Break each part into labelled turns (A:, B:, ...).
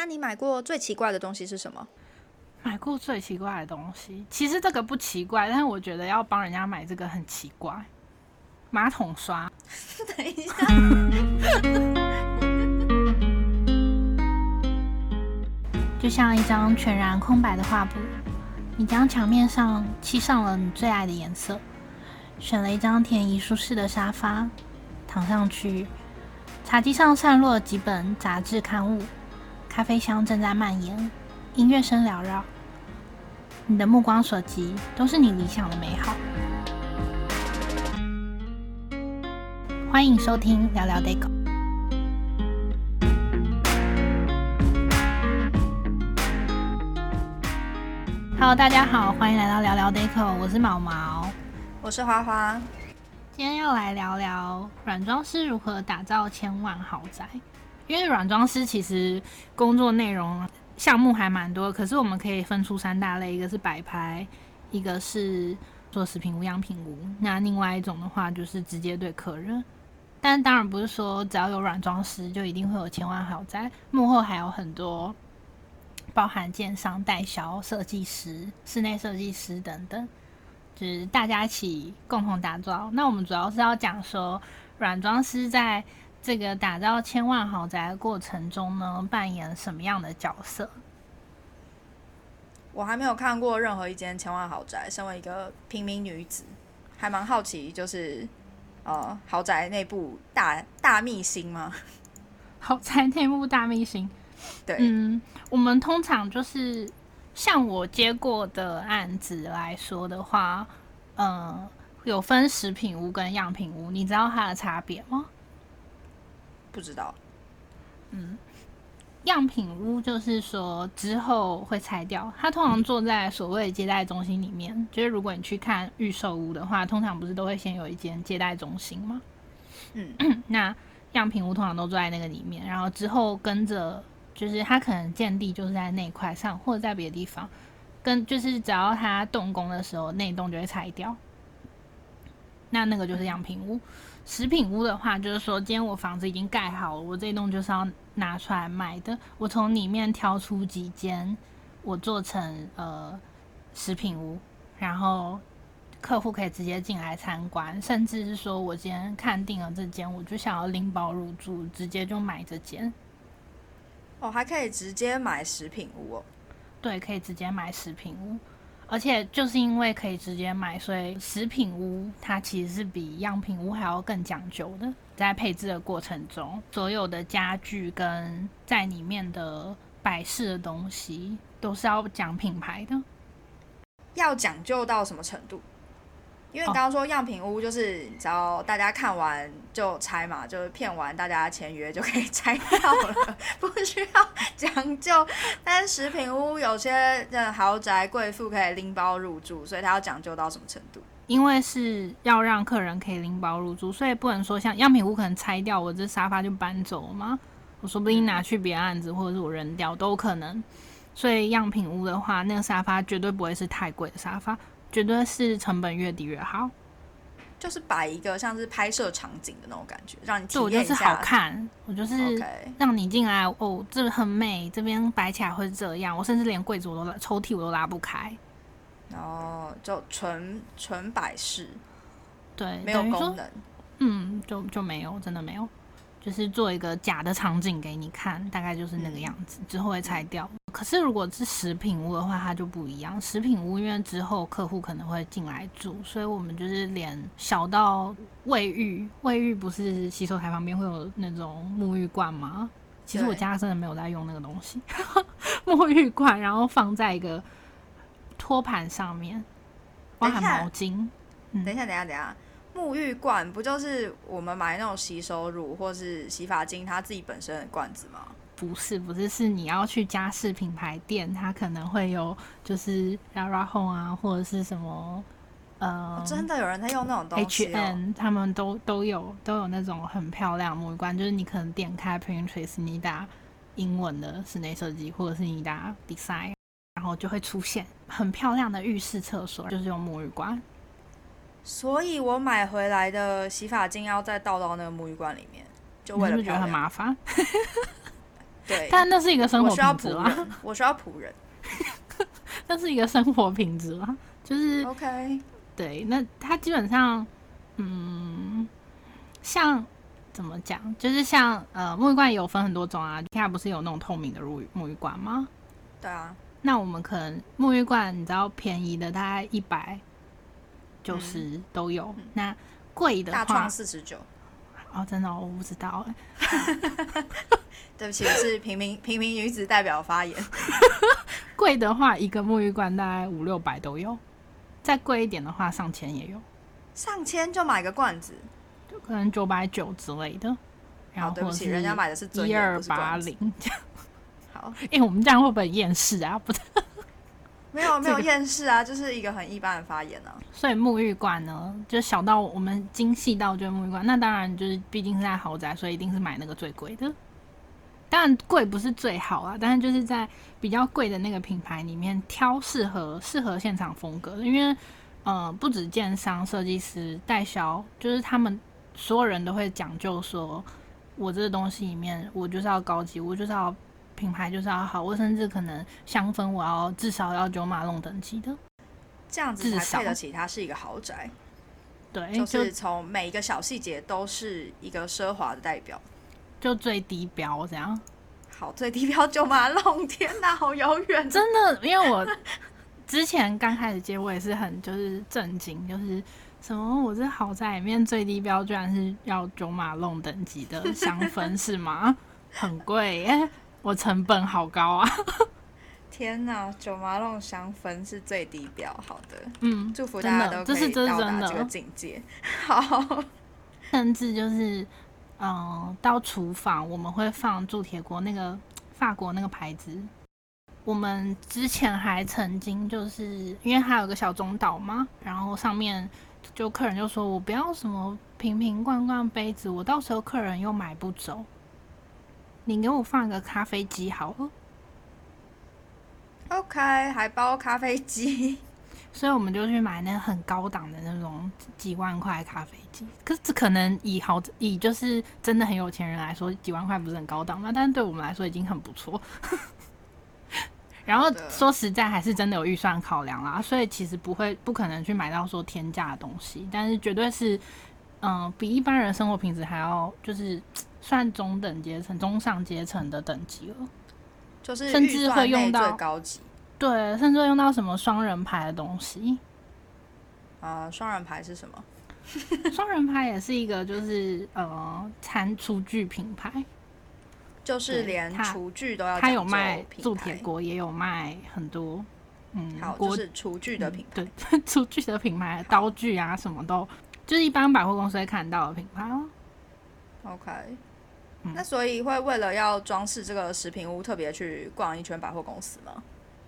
A: 那你買過最奇怪的東西是什麼？
B: 買過最奇怪的東西，其實這個不奇怪，但是我覺得要幫人家買這個很奇怪。馬桶刷？ 等一下。 就像一張全然空白的畫布，你將牆面上漆上了你最愛的顏色，選了一張便宜舒適的沙發躺上去，茶幾上散落幾本雜誌刊物。咖啡香正在蔓延，音樂聲繚繞。你的目光所及，都是你理想的美好。歡迎收聽聊聊 Deco。 Hello，大家好，歡迎來到聊聊 Deco，我是毛毛，
A: 我是花花，今天要來聊
B: 聊軟裝師如何打造千萬豪宅。因為軟裝師其實工作內容項目還蠻多，可是我們可以分出三大類，一個是擺拍，一個是做實品屋、樣品屋，那另外一種的話就是直接對客人。但當然不是說只要有軟裝師就一定會有千萬豪宅，幕後還有很多包含建商、代銷、設計師、室內設計師等等，就是大家一起共同打造。那我們主要是要講說軟裝師在。這個打造千萬豪宅的過程中呢，扮
A: 演什麼樣的角色？我還沒有看過任何一間千萬豪宅。身為一個平民女子，還蠻好奇，就是、呃、豪宅內部大大秘辛嗎？
B: 豪宅內部大秘辛？對，嗯，我們通常就是像我接過的案子來說的話，嗯、呃，有分實品屋跟樣品屋，你知道它的差別嗎？不知道，嗯，樣品屋就是說之後會拆掉。它通常坐在所謂接待中心裡面，嗯、就是如果你去看預售屋的話，通常不是都會先有一間接待中心嗎？嗯， 那樣品屋通常都坐在那個裡面，然後之後跟着就是它可能建地就是在那一塊上，或者在別的地方，跟就是只要它動工的時候，那一棟就會拆掉。那那個就是樣品屋。實品屋的話，就是說，今天我房子已經蓋好了，我這一棟就是要拿出來賣的。我從裡面挑出幾間，我做成呃實品屋，然後客戶可以直接進來參觀，甚至是說我今天看定了這間，我就想要拎包入住，直接就買這間。哦，還可以直接買實品屋哦。對，可以直接買實品屋。而且就是因為可以直接買，所以實品屋它其實是比樣品屋還要更講究的。在配置的過程中，所有的家具跟在裡面的擺設的東西，都是要講品牌的，
A: 要講究到什麼程度？因為你剛剛說樣品屋就是只要大家看完就拆嘛，就是騙完大家簽約就可以拆掉了， 不需要講究。但是實品屋有些的豪宅貴婦可以拎包入住，所以它要講究到什麼程度？
B: 因為是要讓客人可以拎包入住，所以不能說像樣品屋可能拆掉我這沙發就搬走了嗎？我說不定拿去別案子，或者是我扔掉都可能。所以樣品屋的話，那個沙發絕對不會是太貴的沙
A: 發。絕對是成本越低越好，就是擺一個像是拍攝場景的那種感覺，讓你體驗一下就是好看，
B: 我就是讓你進來 Okay. 哦，這很美，這邊擺起來會是這樣。我甚至連櫃子我都抽屜我都拉不開，然
A: 後就純純擺飾，
B: 對，沒有功能。嗯，就就沒有，真的沒有。就是做一個假的場景給你看，大概就是那個樣子，嗯、之後會拆掉。嗯、可是如果是實品屋的話，它就不一樣。實品屋因為之後客戶可能會進來住，所以我們就是連小到衛浴，衛浴不是洗手台旁邊會有那種沐浴罐嗎？對其實我家真的沒有在用那個
A: 東西，
B: 沐浴罐，然後放在一個托盤上面，包含毛巾。嗯，等一下，等一下，等
A: 一下。沐浴罐不就是我們買那種洗手乳，或是洗髮精，它自己本身的罐子嗎？
B: 不是，不是，是你要去家飾品牌店，它可能會有，就是 Zara Home 啊，或者是什麼，呃，哦、真的有人在用那種東西，喔、H&M，他們都都有都有那種很漂亮沐浴罐，就是你可能點開 Pinterest，你打英文的室內設計，或者是你打 design，然後就會出現很漂亮的浴室廁所，就是用沐浴罐。
A: 所以我買回來的洗髮精要再倒到那個沐浴罐裡面，
B: 就為了。你是不是覺得很麻
A: 煩？ 對。但那是一
B: 個生活品
A: 我需要僕人。是人
B: 那是一個生活品質嗎？
A: 就是。OK。
B: 對，那它基本上，嗯，像怎麼講，就是像呃，沐浴罐有分很多種啊。現在不是有那種透明的入沐浴罐嗎？對啊。那我們可能沐浴罐，你知道便宜的大概一百。就是都有，嗯、那貴的話大創四十九哦，真的、哦、我不知道， 對
A: 不起，是平民平民女子代表發言。
B: 貴 的話，一個沐浴罐大概五六百都有，再貴一點的話，上千也有。
A: 上千就買個罐子，就可能
B: 九百九之類的。然後 80, 好，對不起，人家買的是一二八零。 好，哎、欸，我們這樣會不會厭世啊？不。
A: 沒有、這個、沒有厭世啊，就是一個很一般的發言呢、
B: 啊。所以沐浴罐呢，就小到我們精細到就是沐浴罐。那當然就是畢竟是在豪宅，所以一定是買那個最貴的。當然貴不是最好啊，但是就是在比較貴的那個品牌裡面挑適合適合現場風格的。因為呃，不止建商、設計師、代銷，就是他們所有人都會講究說，我這個東西裡面我就是要高級，我就是要。品牌就是要好，我甚至可能香氛我要至少要九馬龍等級的，
A: 這樣子才配得起它是一個豪宅。對，就是從每一個小細節都是一個奢華的代表，
B: 就最低標這樣。好，最低標九馬龍，天哪，好遙遠！真的，因為我之前剛開始接，我也是很就是震驚，就是什麼我這豪宅裡面最低標居然是要九馬龍等級的香氛 是嗎？很貴耶。我成本好高啊 ！
A: 天哪，九毛那種香氛是最低標，好的，嗯，祝福真的，都是真的，真的到達這個境界。好，甚至
B: 就是，嗯、呃，到廚房我們會放鑄鐵鍋，那個法國那個牌子。我們之前還曾經就是，因為還有個小中島嘛，然後上面就客人就說我不要什麼瓶瓶罐罐杯子，我到時候客人又買不走。你給我放個咖啡機好了。
A: OK，還包咖啡機，所以
B: 我們就去買那很高檔的那種幾萬塊咖啡機。可是這可能以好以就是真的很有錢人來說，幾萬塊不是很高檔嗎？但是對我們來說已經很不錯。 然後說實在還是真的有預算考量啦，所以其實不會不可能去買到說天價的東西，但是絕對是嗯、呃、比一般人生活品質還要就是。算中等階層、中上階層的等級了，
A: 就是甚至會用到最高級，
B: 對，甚至會用到什麼雙人牌的東西。啊，
A: 雙人牌是什
B: 麼？雙人牌也是一個，就是 呃，餐廚具品牌，
A: 就是連廚具都要。它有賣鐵，鑄
B: 鐵鍋也有賣很多，嗯，好，就是廚具的品牌，嗯、對，廚具的品牌，好刀具啊什麼都，就是一般百貨公司會看到的品牌了，哦。
A: OK。那所以會為了要裝飾這個實品屋，特別去逛一圈百貨公司嗎？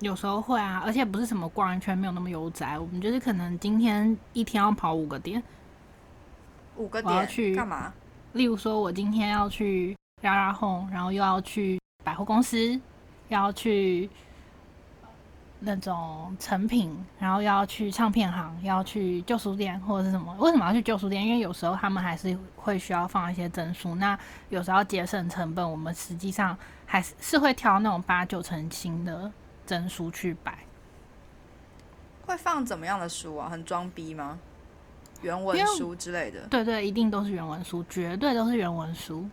B: 有時候會啊，而且不是什麼逛一圈沒有那麼悠哉，我們就是可能今天一天要跑五個店，
A: 五個店要去幹嘛？
B: 例如說，我今天要去拉拉紅，然後又要去百貨公司，又要去。那種成品，然後要去唱片行，要去舊書店或者是什麼？為什麼要去舊書店？因為有時候他們還是會需要放一些真書。那有時候節省成本，我們實際上還是是會挑那種八九成新的真書去擺。
A: 會放怎麼樣的書啊？很裝逼嗎？原文書之類的？
B: 對對，一定都是原文書，絕對都是原文書。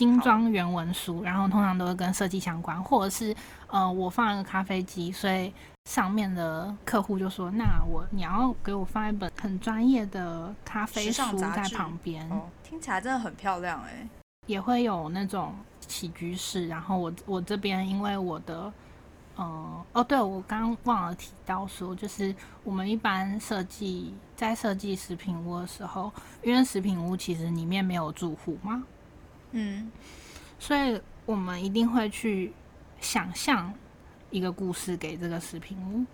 B: 精裝原文書，啊、然後通常都會跟設計相關，或者是呃，我放一個咖啡機，所以上面的客戶就說：“那我你要給我放一本很專業的咖啡書在旁邊。
A: 哦”聽起來真的很漂亮哎、欸。
B: 也會有那種起居室，然後我我這邊因為我的嗯、呃、哦，對我剛剛忘了提到說，就是我們一般設計在設計實品屋的時候，因為實品屋其實裡面沒有住戶嘛。嗯，所以我們一定會去想象一個故事給這個實品屋，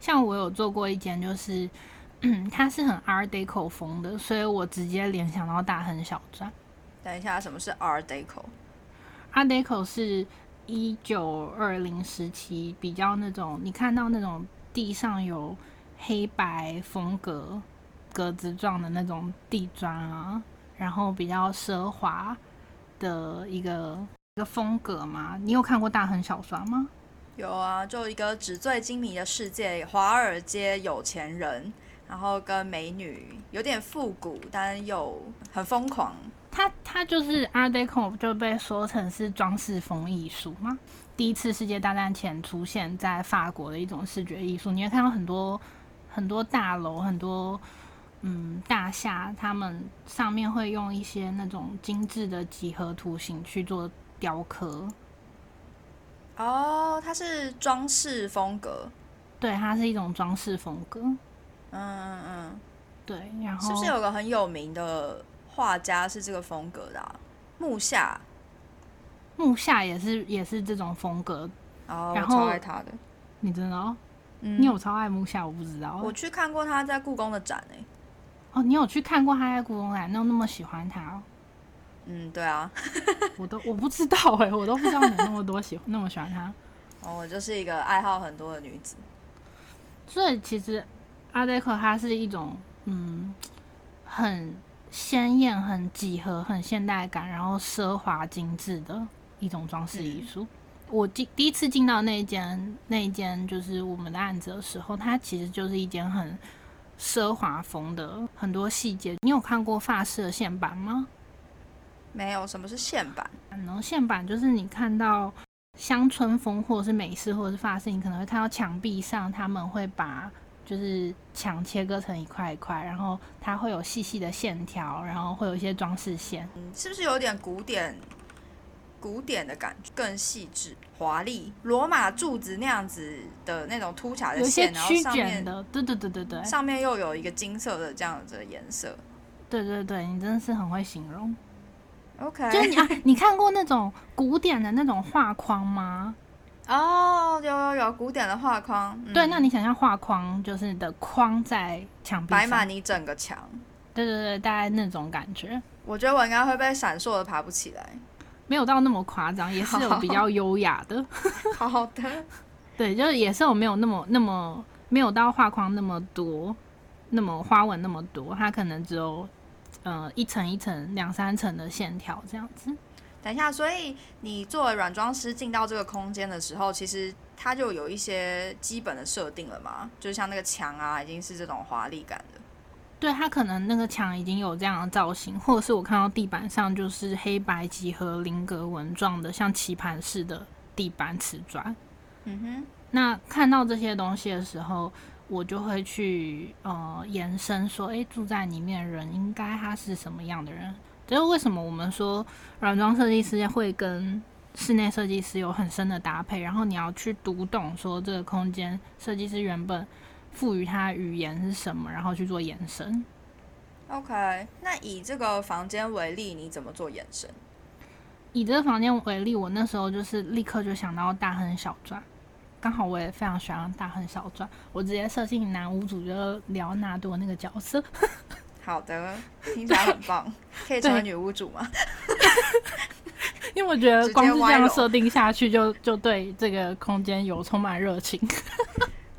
B: 像我有做過一間，就是、嗯、它是很 Art Deco 風的，所以我直接聯想到大亨小傳。
A: 等一下，什麼是 Art Deco？Art
B: Deco 是一九二零時期比較那種，你看到那種地上有黑白風格格子狀的那種地磚啊。然後比較奢華的一個一個風格嗎？你有看過《大亨小傳》嗎？
A: 有啊，就一個紙醉金迷的世界，華爾街有錢人，然後跟美女，有點復古，但又很瘋狂。
B: 它它就是 Art Deco 就被說成是裝飾風藝術嗎？第一次世界大戰前出現在法國的一種視覺藝術，你會看到很多很多大樓，很多。嗯，大廈，他們上面會用一些那種精緻的幾何圖形去做雕刻。
A: 哦，它是裝飾風格，
B: 對，它是一種裝飾風格。嗯嗯，嗯
A: 對。然後是不是有個很有名的畫家是這個風格的、啊？慕夏，慕夏也
B: 是也是這種風格。哦、然後超愛他的，你真的？嗯、你有超愛慕夏？我不知道，我去
A: 看過他在故宮的展呢、欸。
B: 哦，你有去看過他在故宮啊？你有那麼喜歡他哦？
A: 嗯，對啊， 我都
B: 我不知道哎，我都不知道你那麼多喜歡， 那麼喜歡他。
A: 哦，我就是一個愛好很多的女子。
B: 所以其實阿黛克她是一種嗯，很鮮豔、很幾何、很現代感，然後奢華精致的一種裝飾藝術。嗯、我進第一次進到那一間那一間就是我們的案子的時候，它其實就是一間很。奢華風的很多細節，你有看過法式的線板嗎？沒有，什麼是線板？然後線板就是你看到鄉村風或者是美式或者是法式，你可能會看到牆壁上他們會把就是牆切割成一塊一塊，然後它會有細細的線條，然後會有一些裝飾線，是
A: 不是有點古典？古典的感覺更細緻華麗，羅馬柱子，那樣子的那種凸起來的線，有曲卷的然後上面的，對對對對對，上面又有一個金色的這樣子的顏色，對對
B: 對，你真的是很會形容。
A: OK，就你、啊、
B: 你看過那種古典的那種畫框嗎？
A: 哦， oh, 有有有古典的畫框，
B: 對，嗯、那你想象畫框就是你的框在牆壁擺滿你
A: 整個牆，
B: 對對對，大概那種感覺。
A: 我覺得我應該會被閃爍的爬不起來。
B: 沒有到那麼誇張，也是有比較優雅的。
A: 好，好，好的，
B: 對，就是也是我沒有那麼那麼沒有到畫框那麼多，那麼花紋那麼多，它可能只有，呃一層一層兩三層的線條這樣子。
A: 等一下，所以你作為軟裝師進到這個空間的時候，其實它就有一些基本的設定了嘛，就像那個牆啊，已經是這種華麗感的。
B: 對，他可能那個牆已經有這樣的造型，或者是我看到地板上就是黑白幾何菱格紋狀的，像棋盤似的地板瓷磚。嗯哼，那看到這些東西的時候，我就會去呃延伸說，誒，住在裡面的人應該他是什麼樣的人？就是為什麼我們說軟裝設計師會跟室內設計師有很深的搭配，然後你要去讀懂說這個空間設計師原本，賦予它語言是什麼，然後去做延伸。
A: OK，那以這個房間為例，你怎麼做延伸？
B: 以這個房間為例，我那時候就是立刻就想到大亨小傳，剛好我也非常喜歡大亨小傳，我直接設定男屋主就聊納多那個角色。
A: 好的，聽起來很棒，對可以成為女屋主嗎？
B: 因為我覺得光是這樣設定下去就，就就對這個空間有充滿熱情。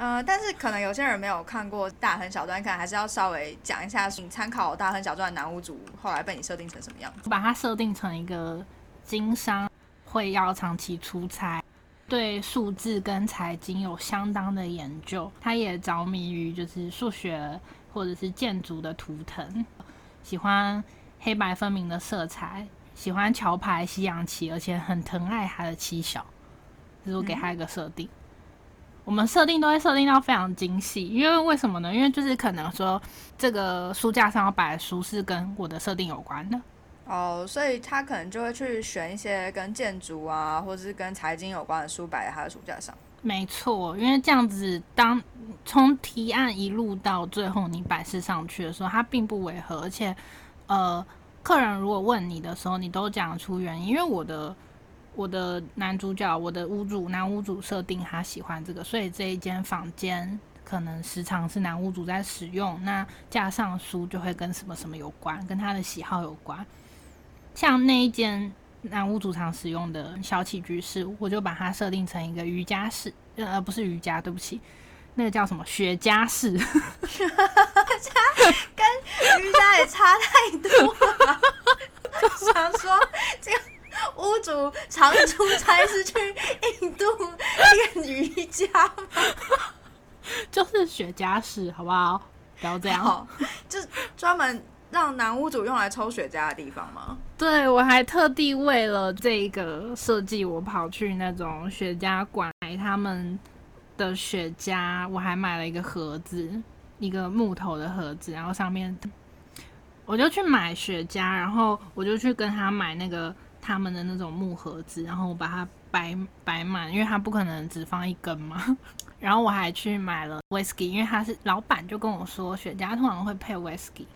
A: 呃，但是可能有些人沒有看過大《大亨小傳》，可能還是要稍微講一下。你參考《大亨小傳》的男屋主，後來被你設定成什麼樣子？
B: 我把他設定成一個經商會要長期出差，對數字跟財經有相當的研究。他也着迷於就是數學或者是建築的圖騰，喜歡黑白分明的色彩，喜歡橋牌、西洋棋，而且很疼愛他的妻小。這、就是我給他一個設定。嗯我們設定都會設定到非常精細，因為為什麼呢？因為就是可能說，這個書架上擺的書是跟我的設定有關的。
A: 哦、呃，所以他可能就會去選一些跟建築啊，或者是跟財經有關的書擺在他的書架上。
B: 沒錯，因為這樣子當，當從提案一路到最後你擺設上去的時候，它並不違和，而且，呃，客人如果問你的時候，你都講出原因，因為我的。我的男主角，我的屋主男屋主設定他喜歡這個，所以這一間房間可能時常是男屋主在使用。那架上書就會跟什麼什麼有關，跟他的喜好有關。像那一間男屋主常使用的小起居室，我就把它設定成一個瑜伽室，呃，不是瑜伽，對不起，那個叫什麼雪茄室 ，
A: 跟瑜伽也差太多了。 想說這個。屋主常出差是去印度練瑜伽，就是
B: 雪茄室，好不好？不要這樣，好，就
A: 是專門讓男屋主用來抽雪茄的地方嗎？
B: 對，我還特地為了這個設計，我跑去那種雪茄館，買他們的雪茄，我還買了一個盒子，一個木頭的盒子，然後上面我就去買雪茄，然後我就去跟他買那個。他們的那種木盒子，然後我把它擺擺滿，因為它不可能只放一根嘛。然後我還去買了 whisky，因為他是老闆就跟我說，雪茄通常會配 whisky，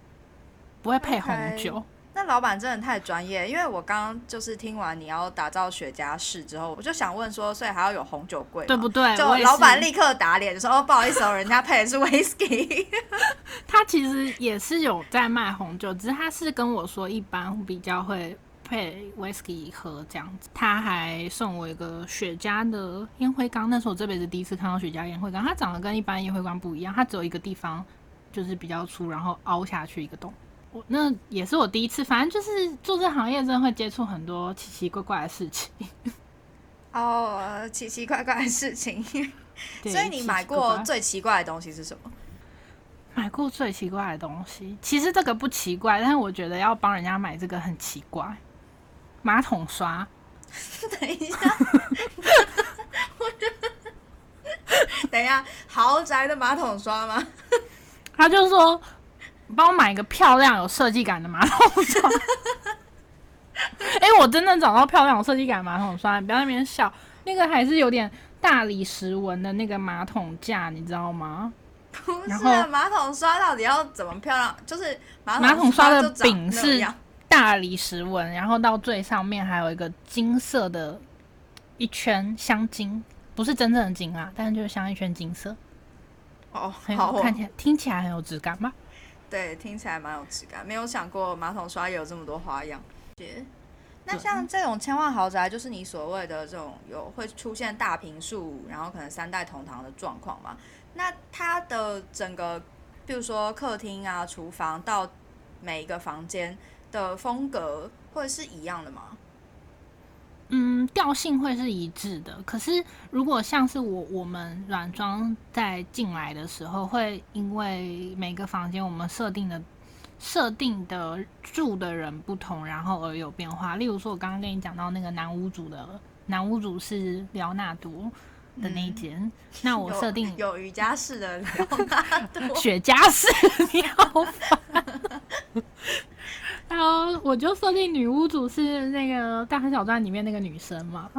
B: 不會配紅酒。
A: Okay, 那老闆真的太專業，因為我剛就是聽完你要打造雪茄室之後，我就想問說，所以還要有紅酒櫃，對不對？就老闆立刻打臉就說：“哦，不好意思，哦，人家
B: 配的是 whisky。 ”他其實也是有在賣紅酒，只是他是跟我說一般比較會。配威士忌喝這樣子，他還送我一個雪茄的煙灰缸。那是我這輩子第一次看到雪茄煙灰缸，它長得跟一般煙灰缸不一樣，它只有一個地方就是比較粗，然後凹下去一個洞。我，那也是我第一次，反正就是做這行業，真的會接觸很多奇奇怪怪的事情。
A: 哦，奇奇怪怪的事情。 對所以你買過最奇怪的東西是什
B: 麼？買過最奇怪的東西，其實這個不奇怪，但是我覺得要幫人家買這個很奇怪。馬桶刷？
A: 等一下，我覺得，等一下，豪宅的馬桶刷嗎？
B: 他就說：“幫我買一個漂亮有設計感的馬桶刷。”哎，我真的找到漂亮有設計感的馬桶刷，不要在那邊笑。那個還是有點大理石紋的那個馬桶架，你知道嗎？不是，
A: 馬桶刷到底要怎麼漂亮？就是馬桶刷的柄是，
B: 大理石紋，然後到最上面還有一個金色的一圈鑲金，不是真正的金啊，但是就是鑲一圈金色。哦，很
A: 好，啊、看起來，
B: 聽起來很有質感嗎？
A: 對，聽起來蠻有質感。沒有想過馬桶刷也有這麼多花樣。對那像這種千萬豪宅，就是你所謂的這種有會出現大坪數，然後可能三代同堂的狀況嘛？那它的整個，比如說客廳啊、廚房到每一個房間。的風格會是一樣的
B: 嗎？嗯，調性會是一致的。可是如果像是我，我們軟裝在進來的時候，會因為每個房間我們設定的設定的住的人不同，然後而有變化。例如說，我剛剛跟你講到那個男屋主的，男屋主是李奧納多的那一間，嗯、那我設定
A: 有，有瑜伽室的李奧納多 雪茄室聊
B: 房。 哦，Hello, 我就設定女屋主是那個《大亨小傳》裡面那個女生嘛。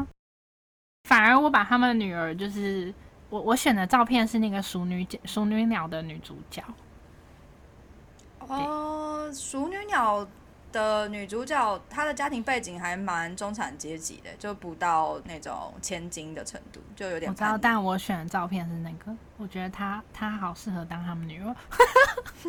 B: 反而我把他們的女兒，就是我我選的照片是那個淑女《淑女姐淑女鳥》的女主角。
A: 哦，《uh, 淑女鳥》的女主角她的家庭背景還蠻中產階級的，就不到那種千金的程度，就有點。我知道，
B: 但我選的照片是那個，我覺得她她好適合當他們女兒。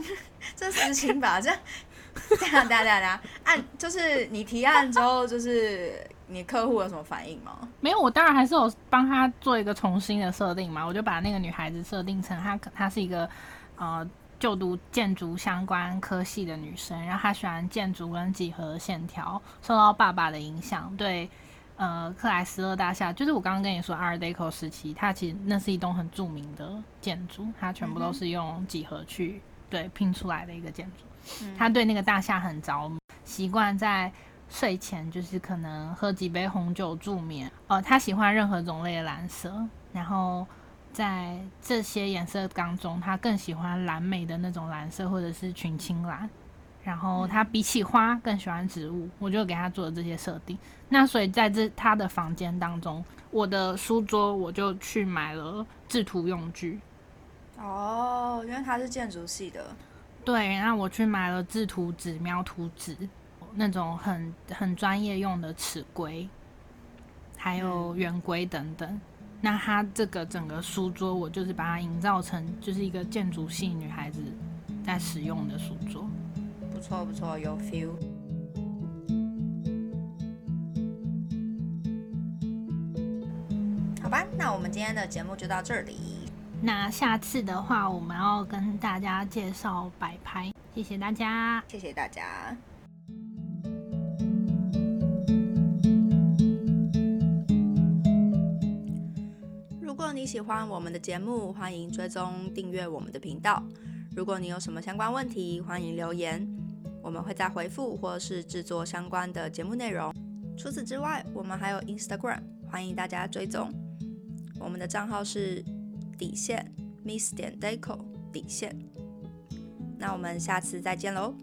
A: 這事情吧，這。 這樣，這樣， 這樣，按就是你提案之後，就是你客戶有什麼反應嗎？沒
B: 有，我當然還是有幫他做一個重新的設定嘛。我就把那個女孩子設定成她。她是一個呃就讀建築相關科系的女生，然後她喜歡建築跟幾何的線條，受到爸爸的影響，對呃克萊斯勒大廈，就是我剛剛跟你說阿爾代科時期，它其實那是一棟很著名的建築，它全部都是用幾何去、嗯、哼對拼出來的一個建築。嗯、他對那個大廈很着迷，習慣在睡前就是可能喝幾杯紅酒助眠。哦、呃，他喜歡任何種類的藍色，然後在這些顏色當中，他更喜歡藍莓的那種藍色或者是群青藍。然後他比起花更喜歡植物，我就給他做了這些設定。那所以在這他的房間當中，我的書桌我就去買了製圖用具。
A: 哦，因為他是建築系的。
B: 對，然後我去買了製圖紙、描圖紙，那種很很專業用的尺規，還有圓規等等。那它這個整個書桌，我就是把它營造成就是一個建築系女孩子在使用的書桌。
A: 不錯不錯，有 feel。好吧，那我們今天的節目就到這裡。
B: 那下次的話，我們要跟大家介紹擺拍。謝謝大家，謝謝大家。
A: 如果你喜歡我們的節目，歡迎追蹤訂閱我們的頻道。如果你有什麼相關問題，歡迎留言，我們會再回復或是制作相關的節目內容。除此之外，我們還有 Instagram，歡迎大家追蹤。我們的賬號是。底線，Miss 點 Deco 底線，那我們下次再見嘍。